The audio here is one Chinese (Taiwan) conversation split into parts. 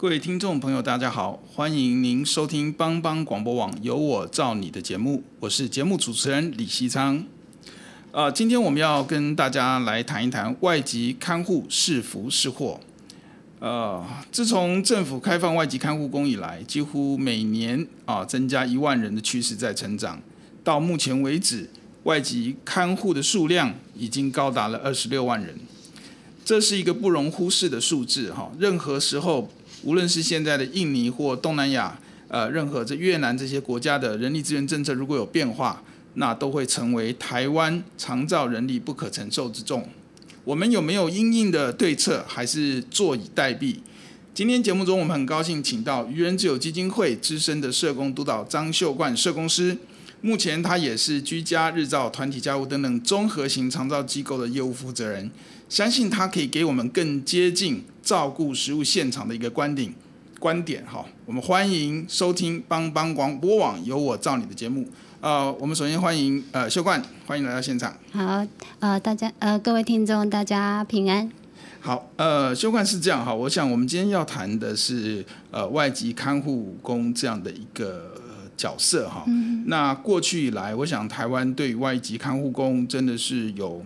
各位聽眾朋友，大家好，歡迎您收聽幫幫廣播網有我照你的節目，我是節目主持人李希昌。啊、呃，今天我們要跟大家來談一談外籍看護是福是禍。呃，自從政府開放外籍看護工以來，幾乎每年啊、呃、增加一萬人的趨勢在成長。到目前為止，外籍看護的數量已經高達了二十六萬人，這是一個不容忽視的數字哈、哦。任何時候。無論是現在的印尼或東南亞，呃，任何在越南這些國家的人力資源政策如果有變化，那都會成為台灣長照人力不可承受之重。我們有沒有因應的對策，還是坐以待斃？今天節目中，我們很高興請到愚人之友基金會資深的社工督導張琇冠社工師。目前他也是居家日照、團體家務等等綜合型長照機構的業務負責人，相信他可以給我們更接近。照顧實務現場的一個觀點，觀點哈，我們歡迎收聽幫幫廣播網有我照你的節目。呃，我們首先歡迎呃琇冠，歡迎來到現場。好，呃，大家呃各位聽眾大家平安。好，呃，琇冠是這樣哈，我想我們今天要談的是呃外籍看護工這樣的一個角色哈、嗯。那過去以來，我想台灣對外籍看護工真的是有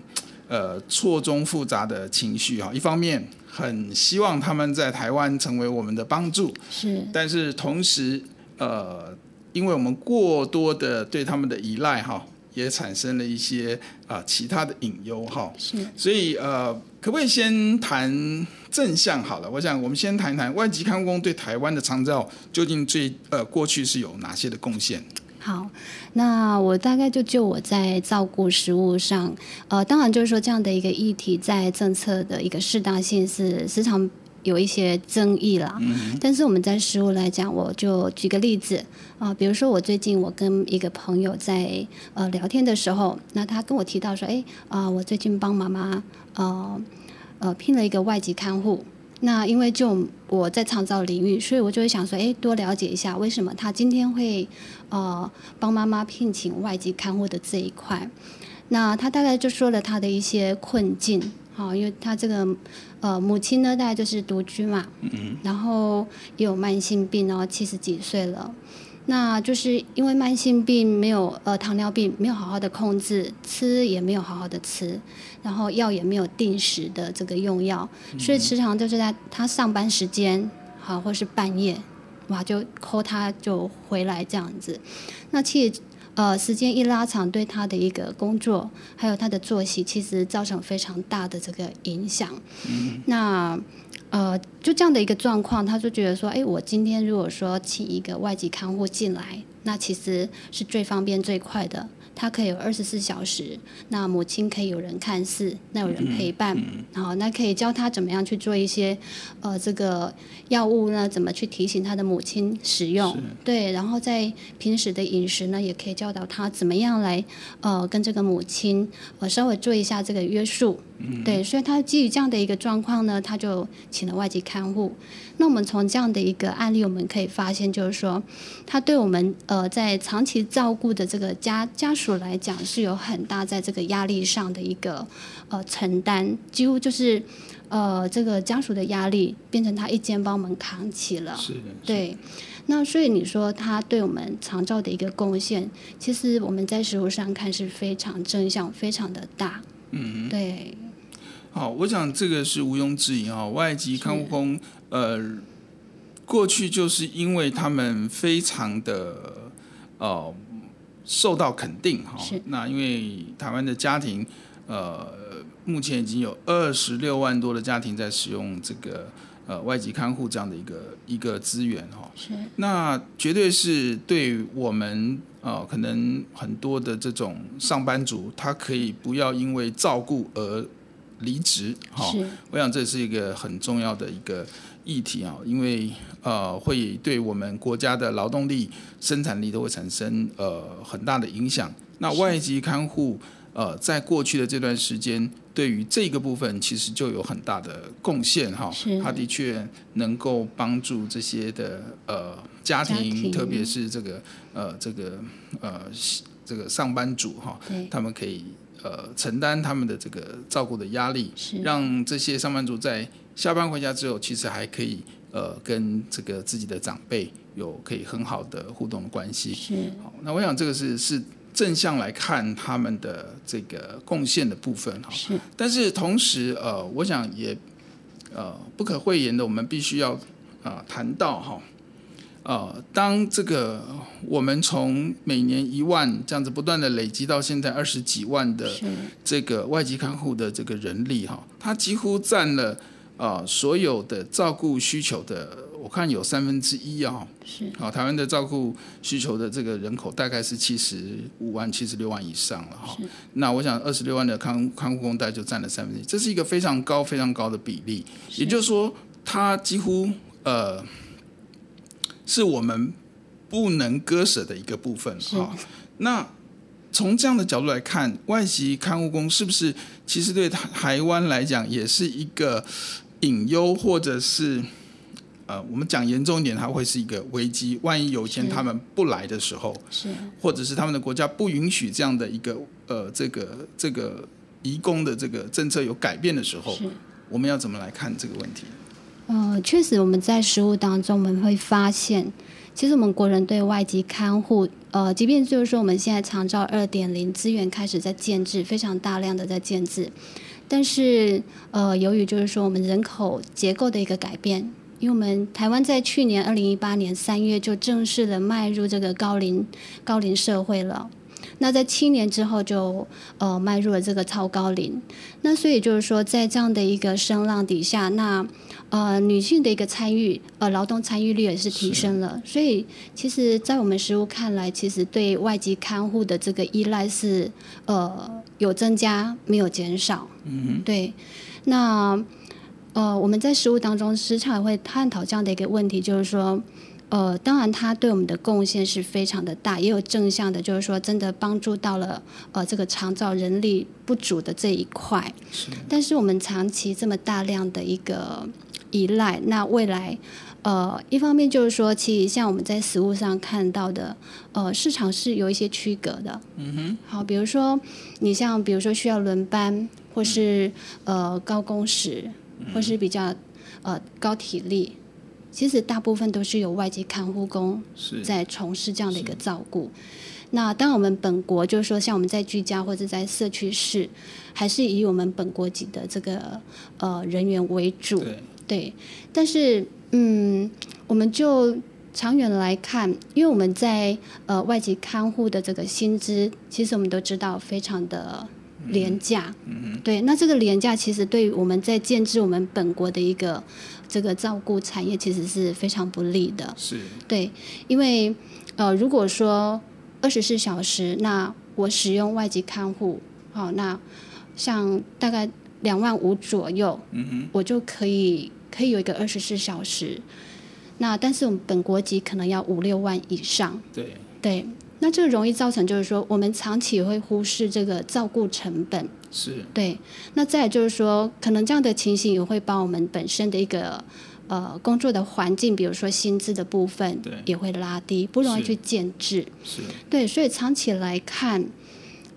呃錯綜複雜的情緒哈。一方面很希望他們在台灣成為我們的幫助，是。但是同時，呃，因為我們過多的對他們的依賴哈，也產生了一些啊、呃、其他的隱憂哈。是。所以呃，可不可以先談正向好了？我想我們先談一談外籍看護工對台灣的長照究竟最呃過去是有哪些的貢獻？好，那我大概就就我在照顧實務上，呃，當然就是說這樣的一個議題，在政策的一個適當性是時常有一些爭議啦。嗯，但是我們在實務來講，我就舉個例子啊、呃，比如說我最近我跟一個朋友在呃聊天的時候，那他跟我提到說，哎啊、呃，我最近幫媽媽呃呃聘了一個外籍看護。那因為就我在長照領域，所以我就會想說，哎、欸，多了解一下為什麼他今天會，呃，幫媽媽聘請外籍看護的這一塊。那他大概就說了他的一些困境，好、哦，因為他這個呃母親呢，大概就是獨居嘛，嗯，然後也有慢性病，然後七十幾歲了。那就是因為慢性病沒有，呃，糖尿病沒有好好的控制，吃也沒有好好的吃，然後藥也沒有定時的這個用藥，所以時常就是在他上班時間，好、啊，或是半夜，哇、啊，就 call 他就回來這樣子。那其實，呃，時間一拉長，對他的一個工作，還有他的作息，其實造成非常大的這個影響。那。呃，就這樣的一個狀況，他就覺得說，哎，我今天如果說請一個外籍看護進來，那其實是最方便最快的。他可以有二十四小時，那母親可以有人看護，那有人陪伴，嗯嗯、然後那可以教他怎麼樣去做一些，呃，這個藥物呢，怎麼去提醒他的母親使用。對，然後在平時的飲食呢，也可以教導他怎麼樣來，呃，跟這個母親，呃，稍微做一下這個約束。Mm -hmm. 對，所以他基於這樣的一個狀況呢，他就請了外籍看護。那我們從這樣的一個案例，我們可以發現，就是說，他對我們呃在長期照顧的這個家家屬來講，是有很大在這個壓力上的一個呃承擔，幾乎就是呃這個家屬的壓力變成他一肩幫我們扛起了。是的。對。那所以你說他對我們長照的一個貢獻，其實我們在實務上看是非常正向、非常的大。嗯、mm -hmm.。對。好，我想這個是毋庸置疑啊、哦，外籍看護工呃，過去就是因為他們非常的呃受到肯定哈、哦，那因為台灣的家庭呃目前已經有二十六萬多的家庭在使用這個呃外籍看護這樣的一個一個資源哈、哦，那絕對是對我們啊、呃、可能很多的這種上班族，他可以不要因為照顧而。離職，好、哦，我想這是一個很重要的一個議題啊，因為呃，會對我們國家的勞動力生產力都會產生呃很大的影響。那外籍看護呃，在過去的這段時間，對於這個部分其實就有很大的貢獻哈，是，他的確能夠幫助這些的呃家庭，家庭，特別是這個呃這個呃這個上班族哈、哦，他們可以。呃，承擔他們的這個照顧的壓力，讓這些上班族在下班回家之後，其實還可以呃跟這個自己的長輩有可以很好的互動的關係。是好、哦，那我想這個是是正向來看他們的這個貢獻的部分哈、哦。是，但是同時呃，我想也呃不可諱言的，我們必須要啊呃談到哈。哦呃，當這個我們從每年一萬這樣子不斷的累積到現在二十幾萬的這個外籍看護的這個人力哈，它幾乎占了啊所有的照顧需求的，我看有三分之一啊。是。啊，台灣的照顧需求的這個人口大概是七十五萬、七十六萬以上了哈。那我想二十六萬的看看護工大概就占了三分之一，這是一個非常高、非常高的比例。也就是說，它幾乎呃。是我們不能割舍的一個部分。啊,那從這樣的角度來看，外籍看護工是不是其實對台灣來講也是一個隱憂，或者是呃，我們講嚴重一點，它會是一個危機。萬一有一天他們不來的時候，是，是或者是他們的國家不允許這樣的一個呃，這個這個移工的這個政策有改變的時候，我們要怎麼來看這個問題？呃，確實，我們在實務當中我們會發現，其實我們國人對外籍看護，呃，即便就是說我們現在長照二點零資源開始在建置，非常大量的在建置。但是呃，由於就是說我們人口結構的一個改變，因為我們台灣在去年二零一八年三月就正式的邁入這個高齡高齡社會了。那在七年之後就呃邁入了這個超高齡，那所以就是說在這樣的一個聲浪底下，那呃女性的一個參與，呃勞動參與率也是提升了，所以其實，在我們實務看來，其實對外籍看護的這個依賴是呃有增加沒有減少，嗯對，那呃我們在實務當中時常也會探討這樣的一個問題，就是說。呃，當然，他對我們的貢獻是非常的大，也有正向的，就是說真的幫助到了呃這個長照人力不足的這一塊。是。但是我們長期這麼大量的一個依賴，那未來，呃，一方面就是說，其實像我們在實務上看到的，呃，市場是有一些區隔的。嗯哼。好，比如說你像，比如說需要輪班，或是呃高工時、嗯，或是比較呃高體力。其實大部分都是由外籍看護工在從事這樣的一個照顧。那當我們本國就是說，像我們在居家或者在社區式，還是以我們本國籍的這個呃人員為主對。對，但是嗯，我們就長遠來看，因為我們在呃外籍看護的這個薪資，其實我們都知道非常的。廉價、嗯，對，那這個廉價其實對於我們在建制我們本國的一個這個照顧產業，其實是非常不利的。是，對，因為呃，如果說二十四小時，那我使用外籍看護，好、哦，那像大概兩萬五左右，嗯，我就可以可以有一個二十四小時。那但是我們本國籍可能要五六萬以上。對，對。那這個容易造成，就是說我們長期也會忽視這個照顧成本，是對。那再就是說，可能這樣的情形也會把我們本身的一個呃工作的環境，比如說薪資的部分，也會拉低，不容易去建制，是對。所以長期來看，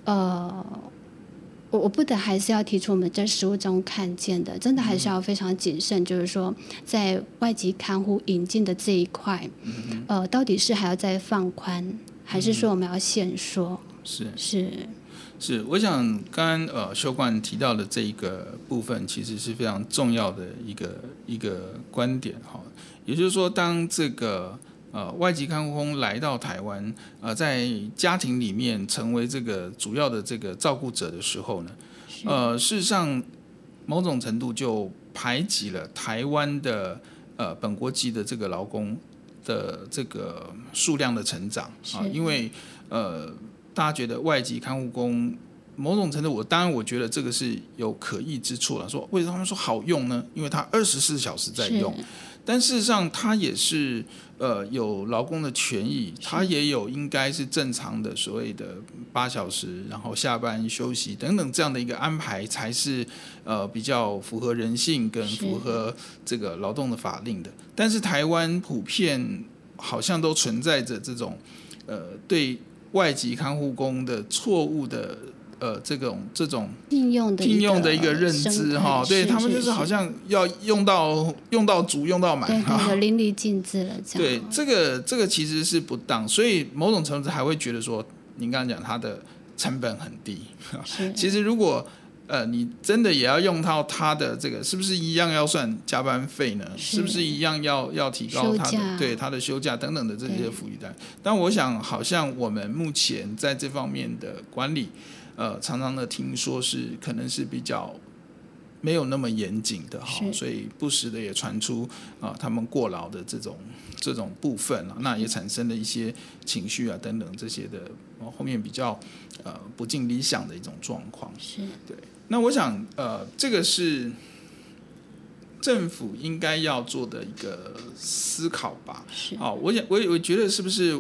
呃，我我不得還是要提出，我們在實務中看見的，真的還是要非常謹慎、嗯，就是說在外籍看護引進的這一塊、嗯，呃，到底是還要再放寬。還是說我們要先說？是是是，我想剛剛呃琇冠提到的這一個部分，其實是非常重要的一個一個觀點哈，哦。也就是說，當這個呃外籍看護工來到台灣，呃在家庭裡面成為這個主要的這個照顧者的時候呢，呃事實上某種程度就排擠了台灣的呃本國籍的這個勞工。的這個數量的成長啊，因為呃，大家覺得外籍看護工某種程度，我當然我覺得這個是有可議之處了。說為什麼他們說好用呢？因為他二十四小時在用。但事實上，他也是呃有勞工的權益，他也有應該是正常的所謂的八小時，然後下班休息等等這樣的一個安排，才是呃比較符合人性跟符合這個勞動的法令的。是。但是台灣普遍好像都存在着這種呃對外籍看護工的錯誤的。呃，這種這種應用的應用的一個認知哈，哦、是是是對他們就是好像要用到是是用到足用到滿，對，對，對的，用的淋漓盡致了。這樣對這個這個其實是不當，所以某種程度還會覺得說，您剛剛講他的成本很低。是，其實如果呃你真的也要用到他的這個，是不是一樣要算加班費呢？是，是不是一樣要要提高他的對他的休假等等的這些福利單。但我想好像我們目前在這方面的管理。呃，常常的聽說是可能是比較沒有那麼嚴謹的哈，所以不時的也傳出啊、呃，他們過勞的這種這種部分啊，那也產生了一些情緒啊等等這些的，後面比較呃不盡理想的一種狀況。是。對。那我想，呃，這個是政府應該要做的一個思考吧。是。我、哦、想，我我，我覺得是不是，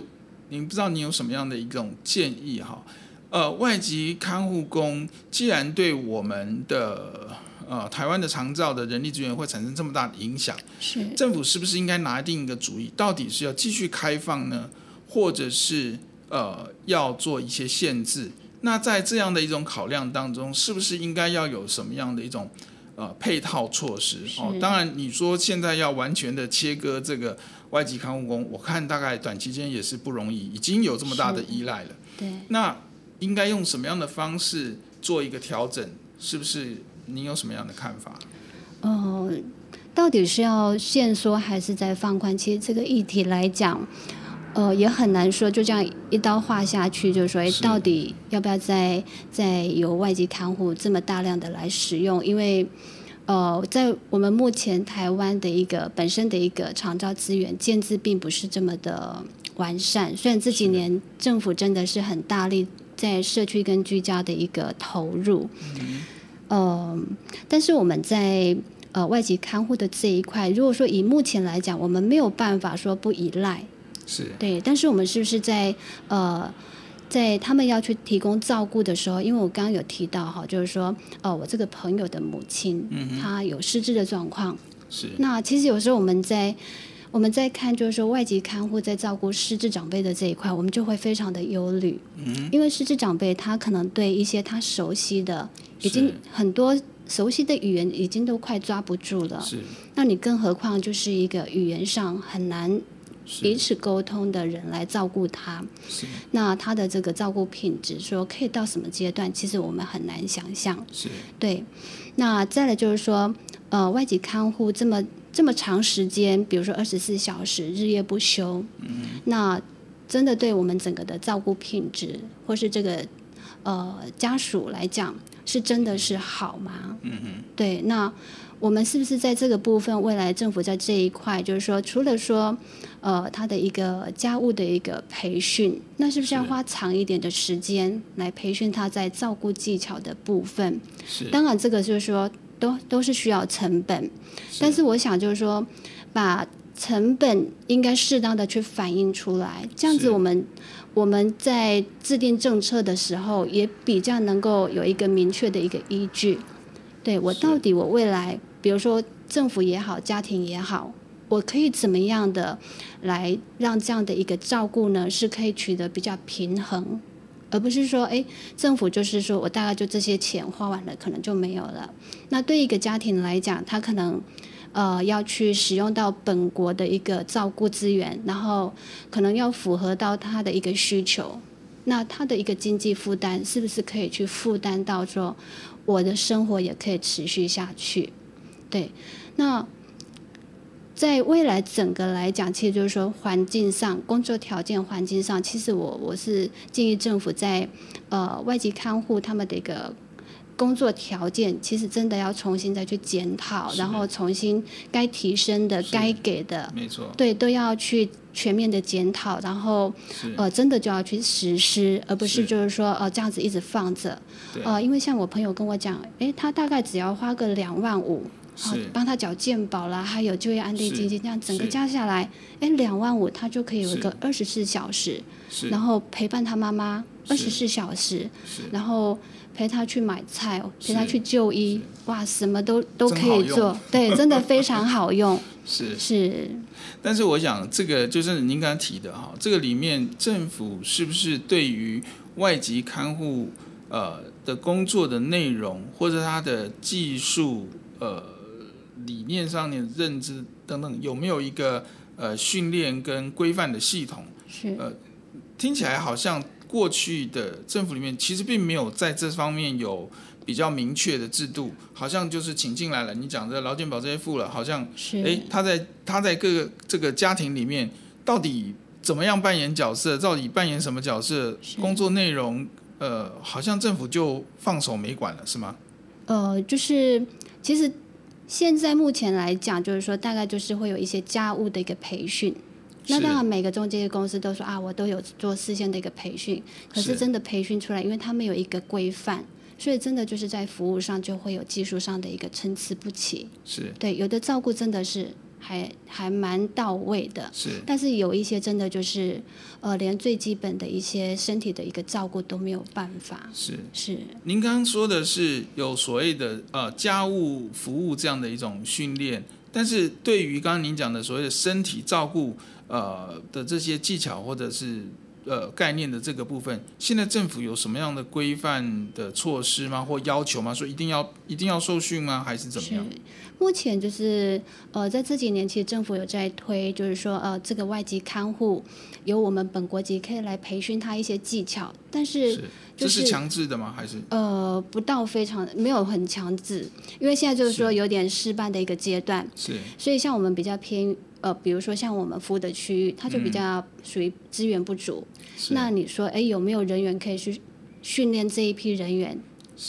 您不知道您有什麼樣的一種建議哈？呃，外籍看護工既然對我們的呃台灣的長照的人力資源會產生這麼大的影響，是政府是不是應該拿定一個主意，到底是要繼續開放呢，或者是呃要做一些限制？那在這樣的一種考量當中，是不是應該要有什麼樣的一種呃配套措施？哦，當然，你說現在要完全的切割這個外籍看護工，我看大概短期間也是不容易，已經有這麼大的依賴了。對，那。應該用什麼樣的方式做一個調整？是不是你有什麼樣的看法？呃，到底是要限縮還是再放寬？其實這個議題來講，呃，也很難說，就這樣一刀劃下去，就是說、欸、到底要不要再再由外籍看護這麼大量的來使用？因為呃，在我們目前台灣的一個本身的一個長照資源建制並不是這麼的完善，雖然這幾年政府真的是很大力。在社區跟居家的一個投入，嗯，呃、但是我們在呃外籍看護的這一塊，如果說以目前來講，我們沒有辦法說不依賴，是對，但是我們是不是在呃，在他們要去提供照顧的時候，因為我剛剛有提到哈，就是說，哦、呃，我這個朋友的母親，嗯，她有失智的狀況，是，那其實有時候我們在。我們在看，就是說外籍看護在照顧失智長輩的這一塊，我們就會非常的憂慮，嗯，因為失智長輩他可能對一些他熟悉的，已經很多熟悉的語言已經都快抓不住了，是，那你更何況就是一個語言上很難彼此溝通的人來照顧他，是，那他的這個照顧品質，說可以到什麼階段，其實我們很難想象，是，對，那再來就是說，呃，外籍看護這麼。這麼長時間，比如說二十四小時日夜不休，嗯，那真的對我們整個的照顧品質，或是這個呃家屬來講，是真的是好嗎？嗯哼。對，那我們是不是在這個部分，未來政府在這一塊，就是說，除了說呃他的一個家務的一個培訓，那是不是要花長一點的時間來培訓他在照顧技巧的部分？是。當然，這個就是說。都都是需要成本，但是我想就是說，把成本應該適當的去反映出來，這樣子我們我們在制定政策的時候也比較能夠有一個明確的一個依據。對我到底我未來，比如說政府也好，家庭也好，我可以怎麼樣的來讓這樣的一個照顧呢？是可以取得比較平衡。而不是說，誒，政府就是說我大概就這些錢花完了，可能就沒有了。那對一個家庭來講，他可能，呃，要去使用到本國的一個照顧資源，然後可能要符合到他的一個需求。那他的一個經濟負擔是不是可以去負擔到說，我的生活也可以持續下去？對，那。在未來整個來講，其實就是說環境上、工作條件環境上，其實我我是建議政府在呃外籍看護他們的一個工作條件，其實真的要重新再去檢討，然後重新該提升的、該給的，沒錯，對，都要去全面的檢討，然後呃真的就要去實施，而不是就是說是呃這樣子一直放着，呃因為像我朋友跟我講，哎他大概只要花個兩萬五。幫他繳健保啦，還有就業安定基金，金，這樣整個加下來，哎，兩萬五他就可以有一個二十四小時，然後陪伴他媽媽二十四小時，然後陪他去買菜，陪他去就醫，哇，什麼都都可以做，對，真的非常好用。 是是，但是我想這個就是您剛剛提的哈，這個裡面政府是不是對於外籍看護呃的工作的內容或者他的技術呃、理念上的認知等等有沒有一個呃訓練跟規範的系統？是呃，聽起來好像過去的政府裡面其實並沒有在這方面有比較明確的制度，好像就是請進來了。你講的勞健保這些負了，好像是、欸、他在他在各個這個家庭裡面到底怎麼樣扮演角色？到底扮演什麼角色？工作內容呃，好像政府就放手沒管了，是嗎？呃，就是其實。現在目前來講，就是說大概就是會有一些家務的一個培訓，那當然每個中介公司都說啊，我都有做事先的一個培訓，可是真的培訓出來，因為他們有一個規範，所以真的就是在服務上就會有技術上的一個參差不齊，是對有的照顧真的是。還還蠻到位的是，但是有一些真的就是，呃，連最基本的一些身體的一個照顧都沒有辦法。是是，您剛剛說的是有所謂的呃家務服務這樣的一種訓練，但是對於剛剛您講的所謂的身體照顧呃的這些技巧或者是。呃，概念的這個部分，現在政府有什麼樣的規範的措施嗎？或要求嗎？說一定要一定要受訓嗎？還是怎麼樣？目前就是呃，在這幾年，其實政府有在推，就是說呃，這個外籍看護由我們本國籍可以來培訓他一些技巧，但是就是這強制的嗎？還是呃，不到非常沒有很強制，因為現在就是說有點試辦的一個階段，是。所以像我們比較偏。呃，比如說像我們服務的區域，它就比較屬於資源不足。嗯，是。那你說，哎，有沒有人員可以去訓練這一批人員？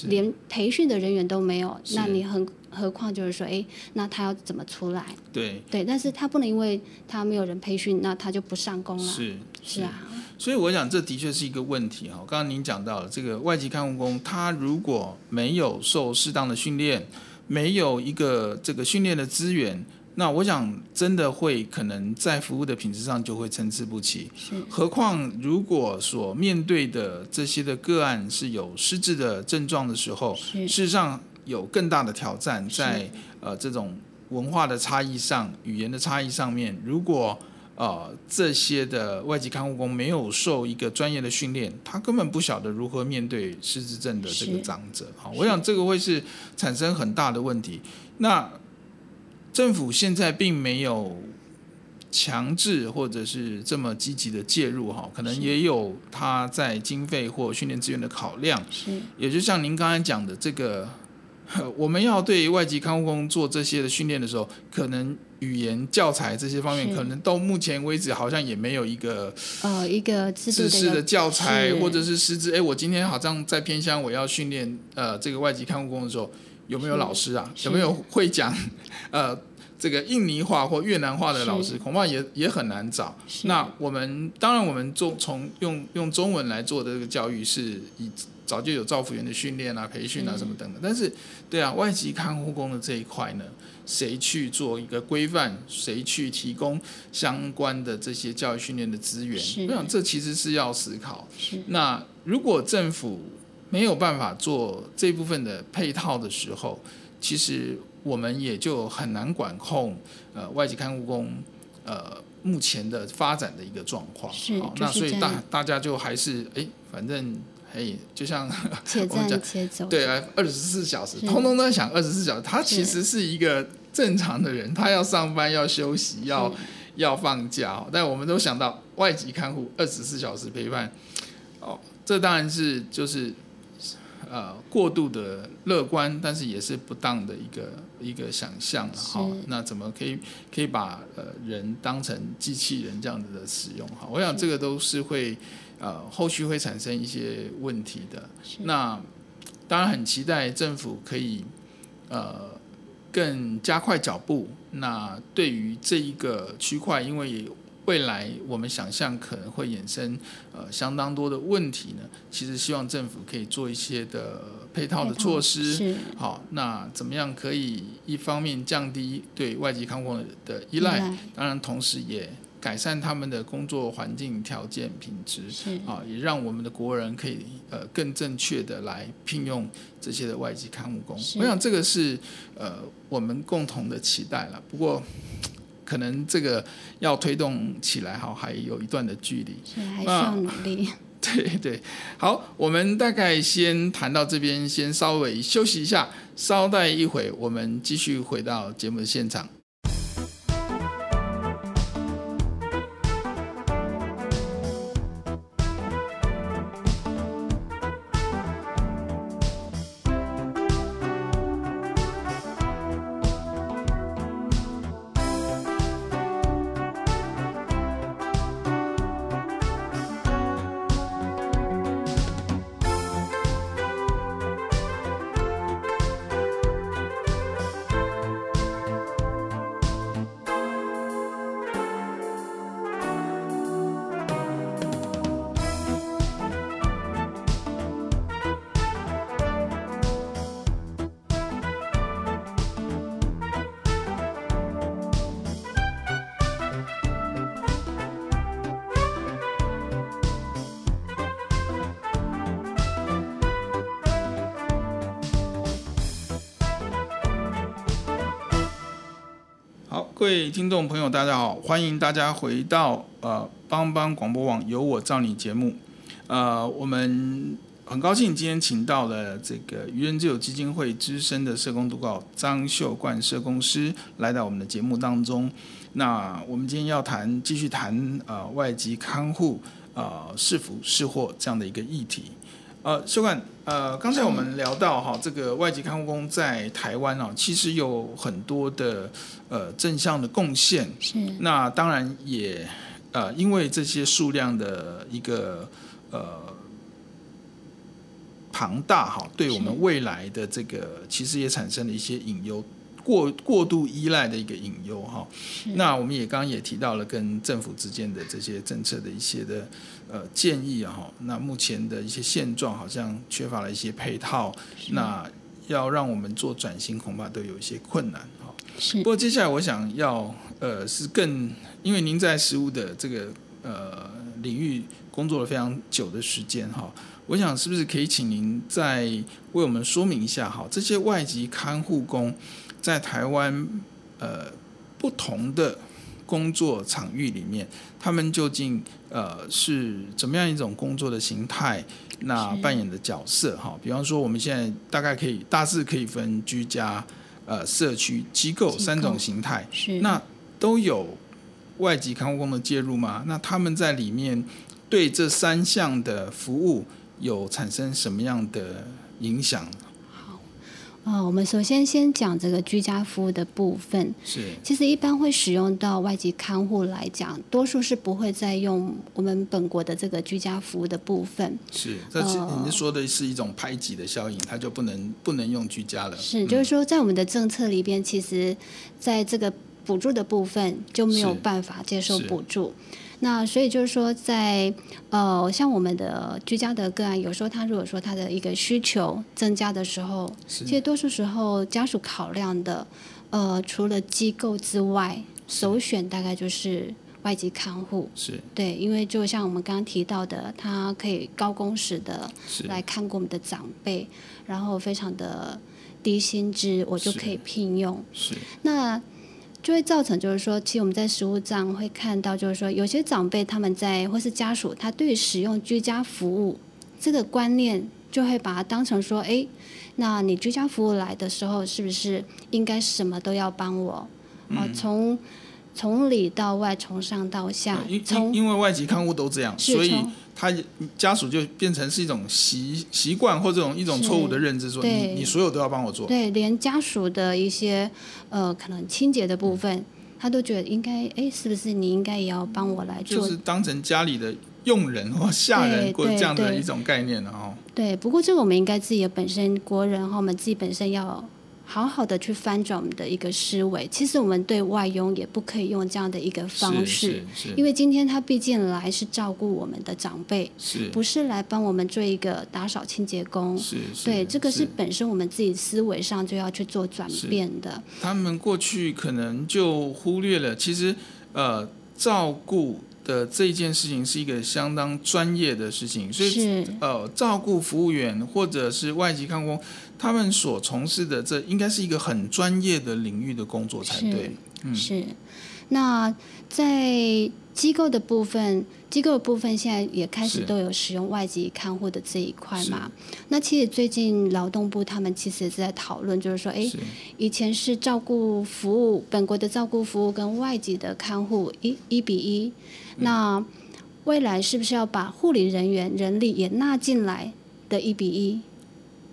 連培訓的人員都沒有，那你很何況就是說，哎，那他要怎麼出來？對。對，但是他不能因為他沒有人培訓，那他就不上工了。是是，是啊。所以我想，這的確是一個問題哈。剛剛您講到了這個外籍看護工，他如果沒有受適當的訓練，沒有一個這個訓練的資源。那我想，真的會可能在服務的品質上就會參差不齊。是，何況如果所面對的這些的個案是有失智的症狀的時候，事實上有更大的挑戰在呃這種文化的差異上、語言的差異上面。如果呃這些的外籍看護工沒有受一個專業的訓練，他根本不曉得如何面對失智症的這個長者。好，我想這個會是產生很大的問題。那。政府現在並沒有強制或者是這麼積極的介入，哈，可能也有他在經費或訓練資源的考量。是，也就像您剛才講的，這個我們要對外籍看護工做這些的訓練的時候，可能語言教材這些方面，可能到目前為止好像也沒有一個呃、哦、一個正式的教材或者是師資。哎、欸，我今天好像在偏鄉，我要訓練呃這個外籍看護工的時候，有沒有老師啊？有沒有會講呃？這個印尼話或越南話的老師恐怕也也很難找。那我們當然我們做從用用中文來做的這個教育是以早就有照服員的訓練啊、培訓啊什麼等等。嗯、但是對啊，外籍看護工的這一塊呢，誰去做一個規範？誰去提供相關的這些教育訓練的資源？我想這其實是要思考。那如果政府沒有辦法做這部分的配套的時候，其實。我們也就很難管控呃，外籍看護工呃目前的發展的一個狀況。是、哦，那所以大、就是、大家就還是哎、欸，反正哎、欸，就像我們講，對啊，二十四小時，通通都想二十四小時。他其實是一個正常的人，他要上班，要休息，要要放假。但我們都想到外籍看護二十四小時陪伴，哦，這當然是就是。呃，過度的樂觀，但是也是不當的一個一個想象，啊。好，那怎麼可以可以把呃人當成機器人這樣子的使用？哈，我想這個都是會是呃後續會產生一些問題的。那當然很期待政府可以呃更加快腳步。那對於這一個區塊，因為。也有。未來我們想象可能會衍生呃相當多的問題呢，其實希望政府可以做一些的配套的措施，好，那怎麼樣可以一方面降低對外籍看護工的依賴，依賴，當然同時也改善他們的工作環境條件品質，啊，也讓我們的國人可以呃更正確的來聘用這些的外籍看護工，我想這個是呃我們共同的期待了，不過。可能這個要推動起來哈、哦，還有一段的距離，還需要努力。對對，好，我們大概先談到這邊，先稍微休息一下，稍待一會，我們繼續回到節目的現場。各位聽眾朋友，大家好，歡迎大家回到呃幫幫廣播網有我照你節目，呃，我們很高興今天請到了這個愚人之友基金會資深的社工督導張琇冠社工師來到我們的節目當中。那我們今天要談，繼續談呃外籍看護呃是福是禍這樣的一個議題，呃，琇冠。呃，剛才我們聊到哈、嗯哦，這個外籍看護工在台灣哦，其實有很多的呃正向的貢獻。是。那當然也呃，因為這些數量的一個呃龐大哈、哦，對我們未來的這個其實也產生了一些隱憂。過過度依賴的一個隱憂哈，那我們也剛剛也提到了跟政府之間的這些政策的一些的呃建議哈、哦，那目前的一些現狀好像缺乏了一些配套，那要讓我們做轉型恐怕都有一些困難哈。是。不過接下來我想要呃是更因為您在實務的這個呃領域工作了非常久的時間哈、哦，我想是不是可以請您再為我們說明一下哈、哦，這些外籍看護工。在台灣，呃，不同的工作場域裡面，他們究竟呃是怎麼樣一種工作的形態？那扮演的角色哈，比方說我們現在大概可以大致可以分居家、呃社區機構，機構三種形態，是，那都有外籍看護工的介入嗎？那他們在裡面對這三項的服務有產生什麼樣的影響？啊、哦，我們首先先講這個居家服務的部分。是，其實一般會使用到外籍看護來講，多數是不會再用我們本國的這個居家服務的部分。是，這是您、呃、說的是一種排擠的效應，它就不能不能用居家了。是，就是說，在我們的政策裡邊、嗯，其實在這個補助的部分就沒有辦法接受補助。那所以就是說在，在呃，像我們的居家的個案，有時候他如果說他的一個需求增加的時候，其實多數時候家屬考量的，呃，除了機構之外，首選大概就是外籍看護。是。對，因為就像我們剛剛提到的，他可以高工時的來看過我們的長輩，然後非常的低薪資，我就可以聘用。是。是那。就會造成，就是說，其實我們在實務上會看到，就是說，有些長輩他們在或是家屬，他對使用居家服務這個觀念，就會把它當成說，哎，那你居家服務來的時候，是不是應該什麼都要幫我？嗯、啊，從從裡到外，從上到下，嗯、從因為外籍看護都這樣，所以。他家屬就變成是一種習習慣或這種一種錯誤的認知說，說你你所有都要幫我做，對，連家屬的一些呃可能清潔的部分、嗯，他都覺得應該，哎、欸，是不是你應該也要幫我來做？就是當成家裡的傭人或下人，或者這樣的一種概念了、哦、對，不過這個我們應該自己本身國人哈，我們自己本身要。好好的去翻轉我們的一個思維，其實我們對外傭也不可以用這樣的一個方式，因為今天他畢竟來是照顧我們的長輩，不是來幫我們做一個打掃清潔工是。是，對，這個是本身我們自己思維上就要去做轉變的。他們過去可能就忽略了，其實呃，照顧。的、呃、這件事情是一個相當專業的事情，所以是呃，照顧服務員或者是外籍看護工，他們所從事的這應該是一個很專業的領域的工作才對。是，嗯、是那在。機構的部分，機構的部分現在也開始都有使用外籍看護的這一塊嘛？那其實最近勞動部他們其實也是在討論，就是說，誒，以前是照顧服務本國的照顧服務跟外籍的看護一一比一，嗯，那未來是不是要把護理人員人力也納進來的一比一，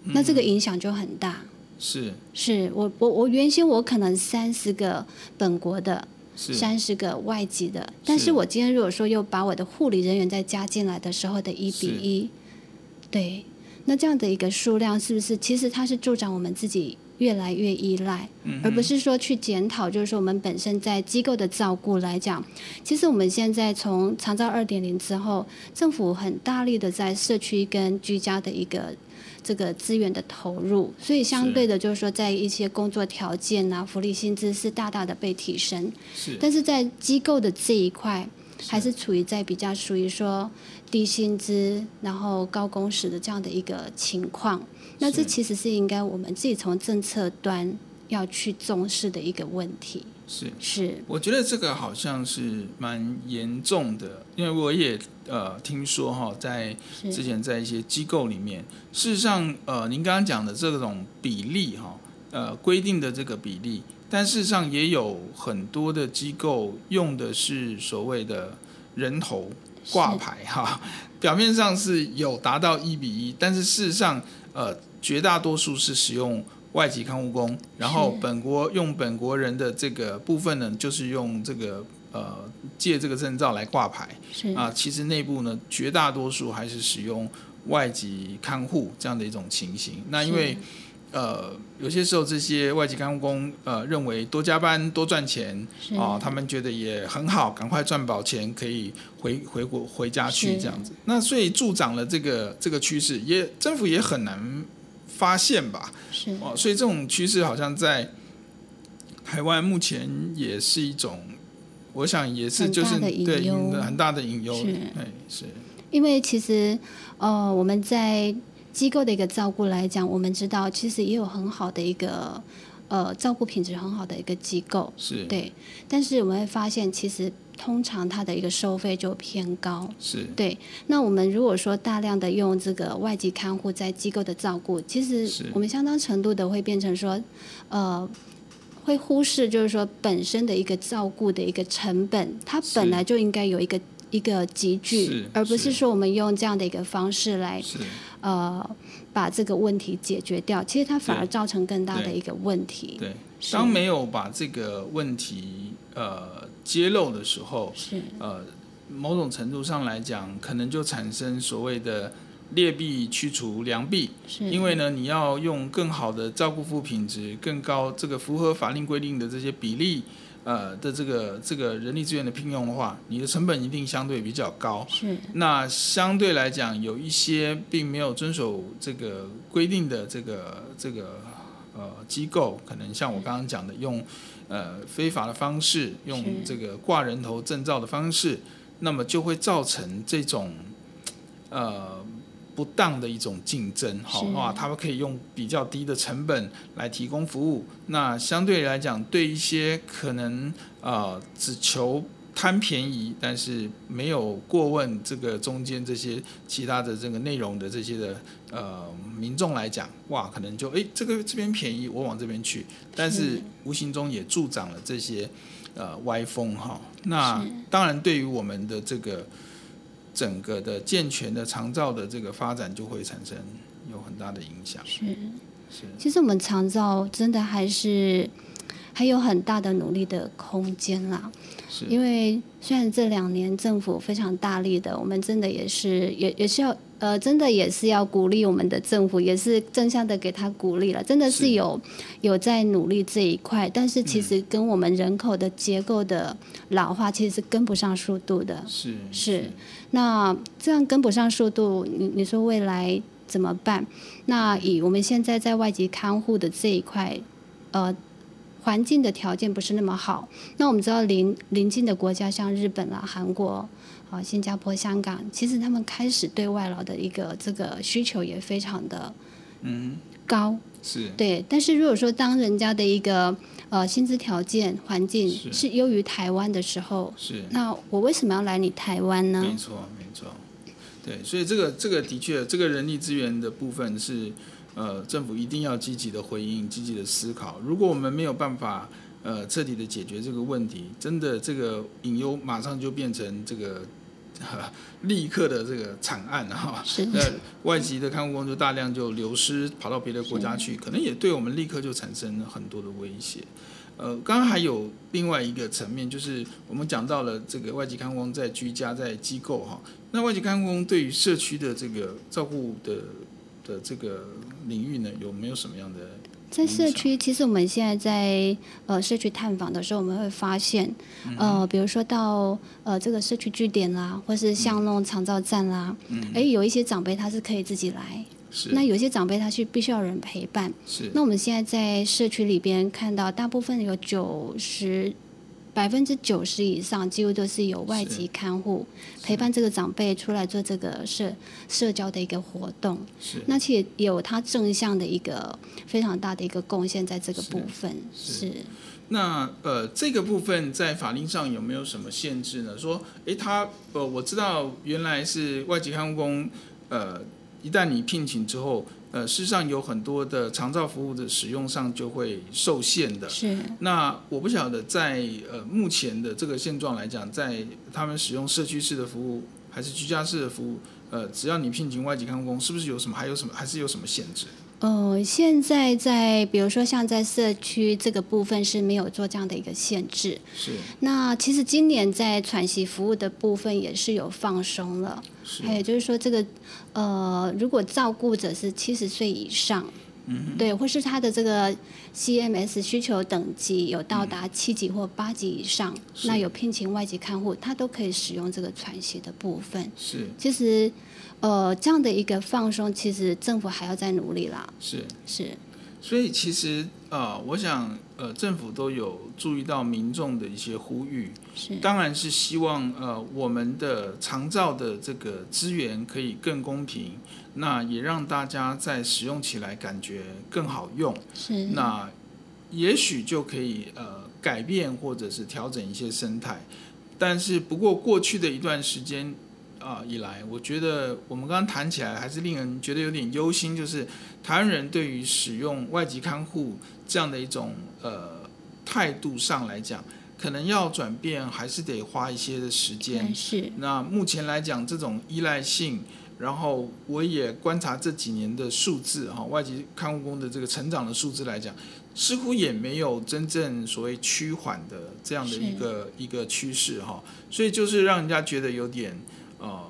嗯？那這個影響就很大。是，是我我我原先我可能三十個本國的。三十個外籍的，但是我今天如果說又把我的護理人員再加進來的時候的一比一，對，那這樣的一個數量是不是其實它是助長我們自己越來越依賴，而不是說去檢討，就是說我們本身在機構的照顧來講，其實我們現在從長照二點零之後，政府很大力的在社區跟居家的一個。這個資源的投入，所以相對的，就是說，在一些工作條件啊、福利薪資是大大的被提升。但是在機構的這一塊，還是處於在比較屬於說低薪資，然後高工時的這樣的一個情況。那這其實是應該我們自己從政策端要去重視的一個問題。是是，我覺得這個好像是蠻嚴重的，因為我也呃聽說哈，在之前在一些機構裡面，事實上呃您剛剛講的這種比例哈，呃規定的這個比例，但事實上也有很多的機構用的是所謂的人頭掛牌哈，表面上是有達到一比一，但是事實上呃絕大多數是使用。外籍看護工，然後本國用本國人的這個部分呢，就是用這個呃借這個證照來掛牌是啊、呃。其實內部呢，絕大多數還是使用外籍看護這樣的一種情形。那因為呃有些時候這些外籍看護工呃認為多加班多賺錢是啊、呃，他們覺得也很好，趕快賺飽錢可以回回國回家去這樣子。那所以助長了這個這個趨勢，也政府也很難。發現吧，是，是哦。所以這種趨勢好像在台灣目前也是一種，嗯、我想也是就是對很大的隱憂，是對，是因為其實呃，我們在機構的一個照顧來講，我們知道其實也有很好的一個呃照顧品質很好的一個機構，是對，但是我們會發現其實。通常它的一個收費就偏高，是對。那我們如果說大量的用這個外籍看護在機構的照顧，其實我們相當程度的會變成說，呃，會忽視就是說本身的一個照顧的一個成本，它本來就應該有一個一個級距，而不是說我們用這樣的一個方式來，呃，把這個問題解決掉。其實它反而造成更大的一個問題。對，對，當沒有把這個問題，呃。揭露的時候，是呃，某種程度上來講，可能就產生所謂的劣幣驅除良幣。是，因為呢，你要用更好的照顧服務品質、更高這個符合法令規定的這些比例，呃的這個這個人力資源的聘用的話，你的成本一定相對比較高。是，那相對來講，有一些並沒有遵守這個規定的這個這個呃機構，可能像我剛剛講的用。呃，非法的方式用這個掛人頭證照的方式，那麼就會造成這種呃不當的一種競爭。好啊，他們可以用比較低的成本來提供服務。那相對來講，對一些可能啊、呃、只求貪便宜，但是沒有過問這個中間這些其他的這個內容的這些的。呃，民眾來講，哇，可能就哎，這個這邊便宜，我往這邊去。但是無形中也助長了這些呃歪風哈、哦。那當然，對於我們的這個整個的健全的長照的這個發展，就會產生有很大的影響。是是，其實我們長照真的還是還有很大的努力的空間啦。是，因為雖然這兩年政府非常大力的，我們真的也是也也是要。呃，真的也是要鼓勵我們的政府，也是正向的給他鼓勵了，真的是有是有在努力這一塊，但是其實跟我們人口的結構的老化，嗯、其實是跟不上速度的。是是，是，那這樣跟不上速度，你你說未來怎麼辦？那以我們現在在外籍看護的這一塊，呃，環境的條件不是那麼好。那我們知道鄰鄰近的國家像日本啦、啊、韓國。啊，新加坡、香港，其實他們開始對外勞的一個這個需求也非常的高，嗯，高是，對。但是如果說當人家的一個呃薪資條件環境是優於台灣的時候，是，那我為什麼要來你台灣呢？沒錯，沒錯，對。所以這個這個的確，這個人力資源的部分是呃，政府一定要積極的回應，積極的思考。如果我們沒有辦法。呃，徹底的解決這個問題，真的這個隱憂馬上就變成這個，呃，立刻的這個慘案哈，哦。是。那，呃，外籍的看護工就大量就流失，跑到別的國家去，可能也對我們立刻就產生很多的威脅。呃，剛剛還有另外一個層面，就是我們講到了這個外籍看護工在居家在機構哈，哦，那外籍看護工對於社區的這個照顧的的這個領域呢，有沒有什麼樣的？在社區，其實我們現在在呃社區探訪的時候，我們會發現，呃，比如說到呃這個社區據點啦，或是巷弄長照站啦、嗯嗯，誒，有一些長輩他是可以自己來，是。那有些長輩他是必須要人陪伴。是。那我們現在在社區裡邊看到，大部分有九十。百分之九十以上，幾乎都是有外籍看護陪伴這個長輩出來做這個社社交的一個活動。是，那其實有他正向的一個非常大的一個貢獻，在這個部分是，是，是。那呃，這個部分在法令上有沒有什麼限制呢？說，哎、欸，他呃，我知道原來是外籍看護工，呃，一旦你聘請之後。呃，事實上有很多的長照服務的使用上就會受限的。是。那我不曉得在，在呃目前的這個現狀來講，在他們使用社區式的服務還是居家式的服務，呃，只要你聘請外籍看護工，是不是有什麼？還有什麼？還是有什麼限制？哦，現在在比如說像在社區這個部分是沒有做這樣的一個限制。是。那其實今年在喘息服務的部分也是有放鬆了。是。還有就是說這個。呃，如果照顧者是七十歲以上，嗯，對，或是他的這個 CMS 需求等級有到達七級或八級以上，嗯，那有聘請外籍看護，他都可以使用這個喘息的部分。是，其實，呃，這樣的一個放鬆，其實政府還要再努力啦。是是，所以其實。呃，我想，呃，政府都有注意到民眾的一些呼籲，當然是希望，呃，我們的長照的這個資源可以更公平，那也讓大家在使用起來感覺更好用，是，那也許就可以，呃，改變或者是調整一些生態，但是不過過去的一段時間，呃，以來，我覺得我們剛剛談起來還是令人覺得有點憂心，就是台灣人對於使用外籍看護。這樣的一種呃態度上來講，可能要轉變還是得花一些的時間。是。那目前來講，這種依賴性，然後我也觀察這幾年的數字哈，外籍看護工的這個成長的數字來講，似乎也沒有真正所謂趨緩的這樣的一個一個趨勢哈。所以就是讓人家覺得有點呃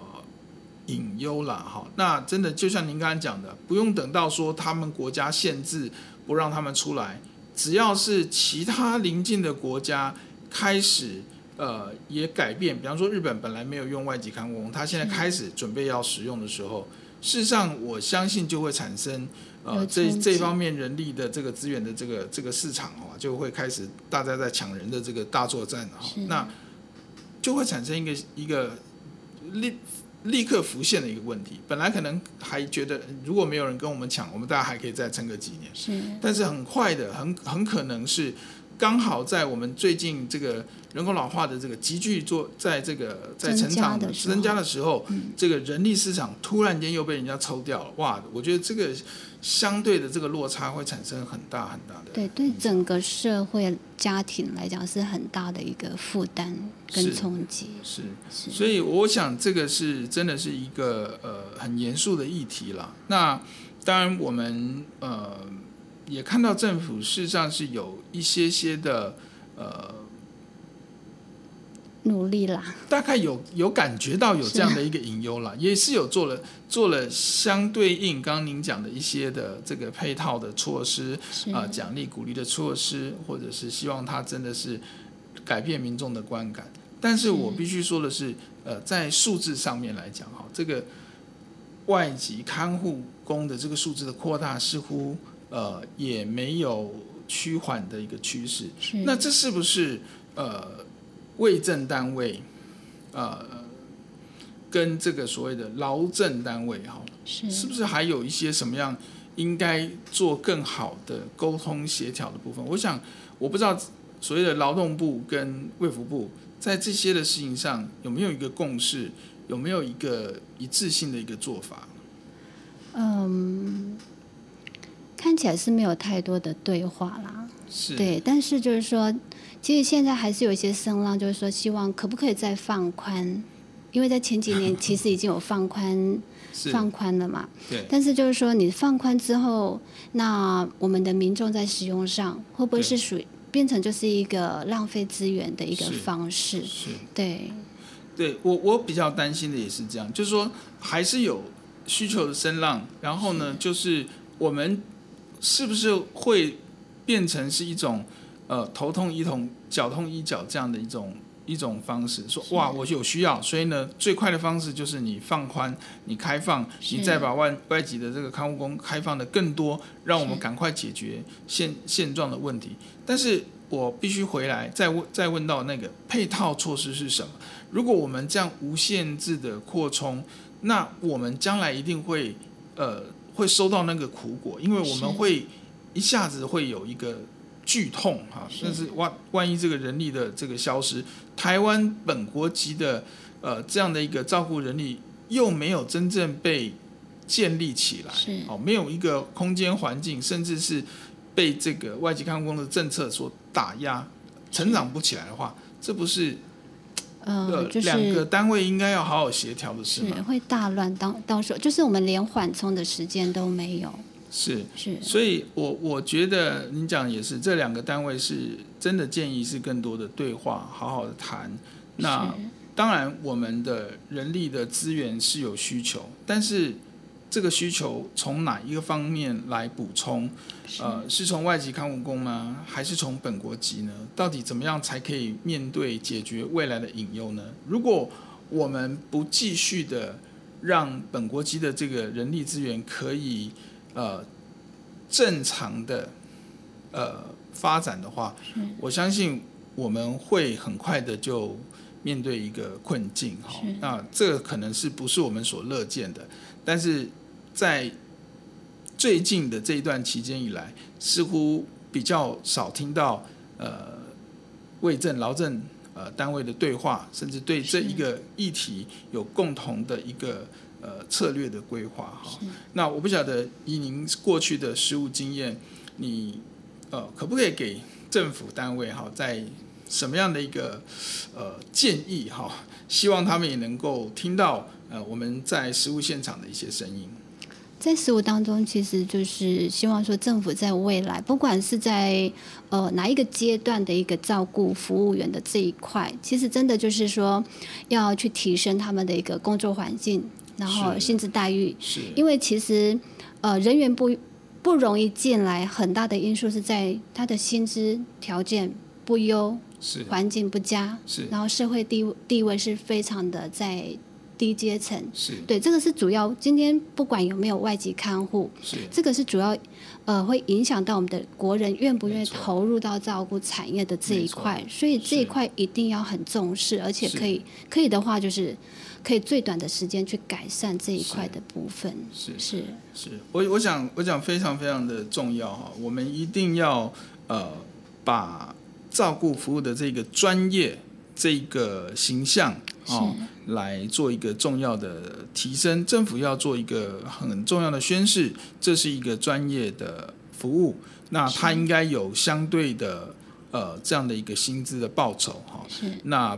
隱憂了哈。那真的就像您剛才講的，不用等到說他們國家限制。不讓他們出來，只要是其他鄰近的國家開始，呃，也改變，比方說日本本來沒有用外籍看護工，他現在開始準備要使用的時候，事實上我相信就會產生，呃，這這方面人力的這個資源的這個這個市場啊，哦，就會開始大家在搶人的這個大作戰啊，那就會產生一個一個力。立刻浮現的一個問題，本來可能還覺得如果沒有人跟我們搶，我們大家還可以再撐個幾年。是，但是很快的，很很可能是剛好在我們最近這個人口老化的這個急劇做，在這個在成長增加的時候，增加的時候、嗯，這個人力市場突然間又被人家抽掉了。哇，我覺得這個。相對的這個落差會產生很大很大的，對對整個社會家庭來講是很大的一個負擔跟衝擊。是，是，是所以我想這個是真的是一個呃很嚴肅的議題啦。那當然我們呃也看到政府事實上是有一些些的呃努力啦，大概有有感覺到有這樣的一個隱憂啦、啊，也是有做了。做了相對應，剛剛您講的一些的這個配套的措施啊、呃，獎勵鼓勵的措施，或者是希望它真的是改變民眾的觀感。但是我必須說的是，是呃，在數字上面來講，哈，這個外籍看護工的這個數字的擴大似乎呃也沒有趨緩的一個趨勢。那這是不是呃，衛政單位、呃跟這個所謂的勞政單位，哈，是是不是還有一些什麼樣應該做更好的溝通協調的部分？我想，我不知道所謂的勞動部跟衛福部在這些的事情上有沒有一個共識，有沒有一個一致性的一個做法？嗯，看起來是沒有太多的對話啦，是對，但是就是說，其實現在還是有一些聲浪，就是說，希望可不可以再放寬。因為在前幾年其實已經有放寬， 放寬了嘛。對。但是就是說，你放寬之後，那我們的民眾在使用上，會不會是屬於變成就是一個浪費資源的一個方式？是。是對。對，我我比較擔心的也是這樣，就是說還是有需求的聲浪，然後呢，就是我們是不是會變成是一種呃頭痛醫頭，腳痛醫腳這樣的一種。一種方式說，哇，我有需要，所以呢，最快的方式就是你放寬、你開放、你再把外外籍的這個看護工，開放的更多，讓我們趕快解決現現狀的問題。但是我必須回來再問，再問到那個配套措施是什麼？如果我們這樣無限制的擴充，那我們將來一定會呃會收到那個苦果，因為我們會一下子會有一個。劇痛哈，但是萬萬一這個人力的這個消失，台灣本國籍的呃這樣的一個照顧人力又沒有真正被建立起來，是哦，沒有一個空間環境，甚至是被這個外籍看護工的政策所打壓，成長不起來的話，這不是，呃，兩、就是、個單位應該要好好協調的是嗎？是會大亂，到到時候就是我們連緩衝的時間都沒有。是是，所以我我覺得你講也是，這兩個單位是真的建議是更多的對話，好好的談。那當然，我們的人力的資源是有需求，但是這個需求從哪一個方面來補充？呃，是從外籍看護工嗎？還是從本國籍呢？到底怎麼樣才可以面對解決未來的隱憂呢？如果我們不繼續的讓本國籍的這個人力資源可以。呃，正常的呃發展的話，我相信我們會很快的就面對一個困境哈。那這個可能是不是我們所樂見的？但是在最近的這一段期間以來，似乎比較少聽到呃，衛政勞政呃單位的對話，甚至對這一個議題有共同的一個。呃，策略的規劃哈、哦，那我不曉得以您過去的實務經驗，你呃，可不可以給政府單位哈、哦，在什麼樣的一個呃建議哈、哦？希望他們也能夠聽到呃我們在實務現場的一些聲音。在實務當中，其實就是希望說政府在未來，不管是在呃哪一個階段的一個照顧服務員的這一塊，其實真的就是說要去提升他們的一個工作環境。然後薪資待遇是，是，因為其實，呃，人員不不容易進來，很大的因素是在他的薪資條件不優，是，環境不佳，是，然後社會地地位是非常的在低階層，是對，這個是主要。今天不管有沒有外籍看護，是，這個是主要，呃，會影響到我們的國人願不願意投入到照顧產業的這一塊，所以這一塊一定要很重視，而且可以，可以的話就是。可以最短的時間去改善這一塊的部分，是是是，是，我我想我講非常非常的重要哈，我們一定要呃把照顧服務的這個專業這個形象哦來做一個重要的提升，政府要做一個很重要的宣示，這是一個專業的服務，那他應該有相對的呃這樣的一個薪資的報酬哈、哦，是那。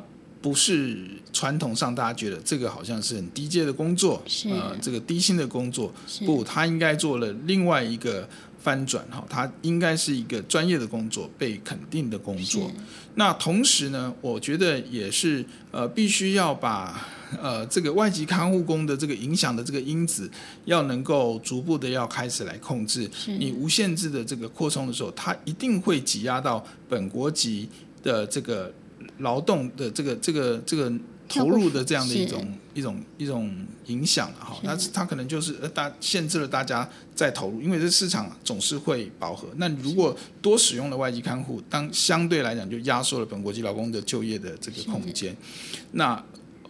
不是傳統上大家覺得這個好像是很低階的工作，啊、呃，這個低薪的工作，不，他應該做了另外一個翻轉哈、哦，他應該是一個專業的工作，被肯定的工作。那同時呢，我覺得也是呃，必須要把呃這個外籍看護工的這個影響的這個因子，要能夠逐步的要開始來控制。你無限制的這個擴充的時候，它一定會擠壓到本國籍的這個。勞動的這個這個這個投入的這樣的一種一種一種影響哈，那它，它可能就是它限制了大家在投入，因為這市場總是會飽和。那如果多使用的外籍看護，當相對來講就壓縮了本國籍勞工的就業的這個空間。那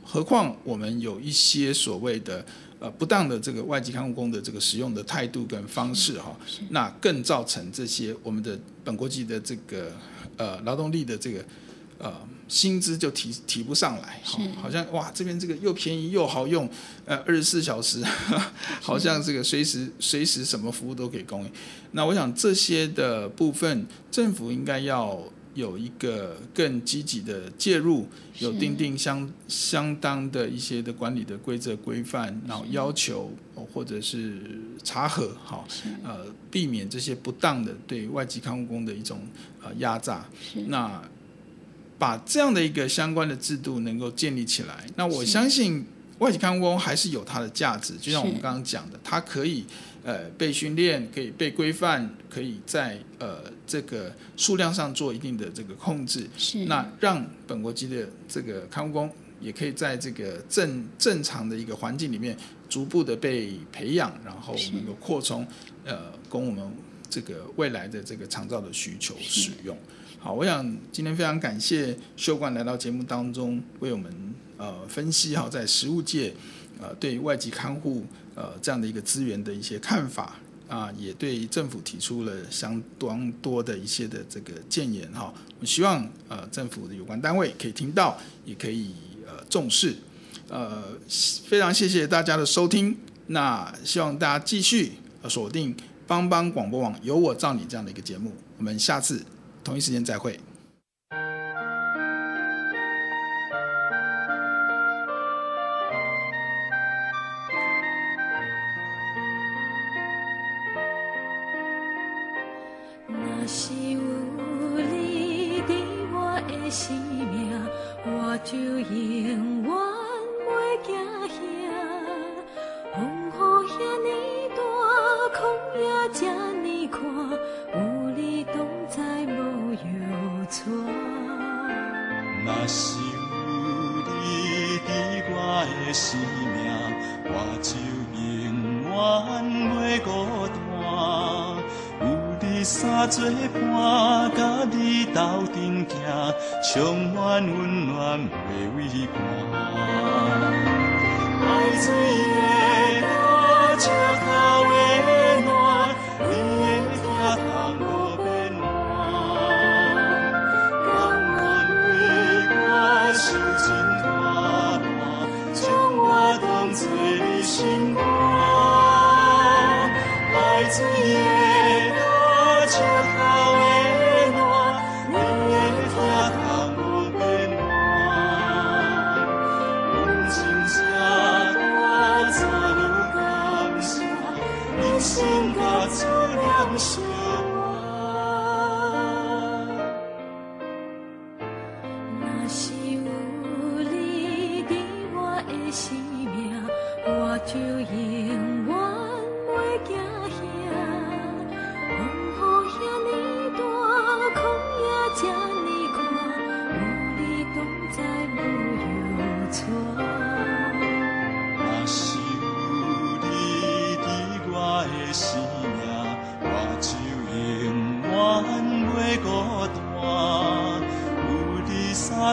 何況我們有一些所謂的呃不當的這個外籍看護工的這個使用的態度跟方式哈、哦，那更造成這些我們的本國籍的這個呃勞動力的這個。呃，薪資就提提不上來，好，好像哇，這邊這個又便宜又好用，呃，二十四小時， 好像這個隨時隨時什麼服務都可以供應。那我想這些的部分，政府應該要有一個更積極的介入，有定定相相當的一些的管理的規則規範，然後要求或者是查核，好，呃，避免這些不當的對外籍看護工的一種呃壓榨。那把這樣的一個相關的制度能夠建立起來，那我相信外籍看護工還是有它的價值，就像我們剛剛講的，它可以呃被訓練，可以被規範，可以在呃這個數量上做一定的這個控制。是。那讓本國籍的這個看護工也可以在這個正正常的一個環境裡面逐步的被培養，然後能夠擴充呃供我們這個未來的這個長照的需求使用。好，我想今天非常感謝琇冠來到節目當中，為我們呃分析哈，在實務界呃對外籍看護呃這樣的一個資源的一些看法啊，也對政府提出了相當多的一些的這個建言哈。我們希望呃政府的有關單位可以聽到，也可以呃重視。呃，非常謝謝大家的收聽，那希望大家繼續鎖定幫幫廣播網，有我照你這樣的一個節目，我們下次。同一時間再會。若有你佇我的生命，我就永遠袂孤單。有你三做伴頭未未，啊，甲你鬥陣行，充滿溫暖袂畏寒。海水若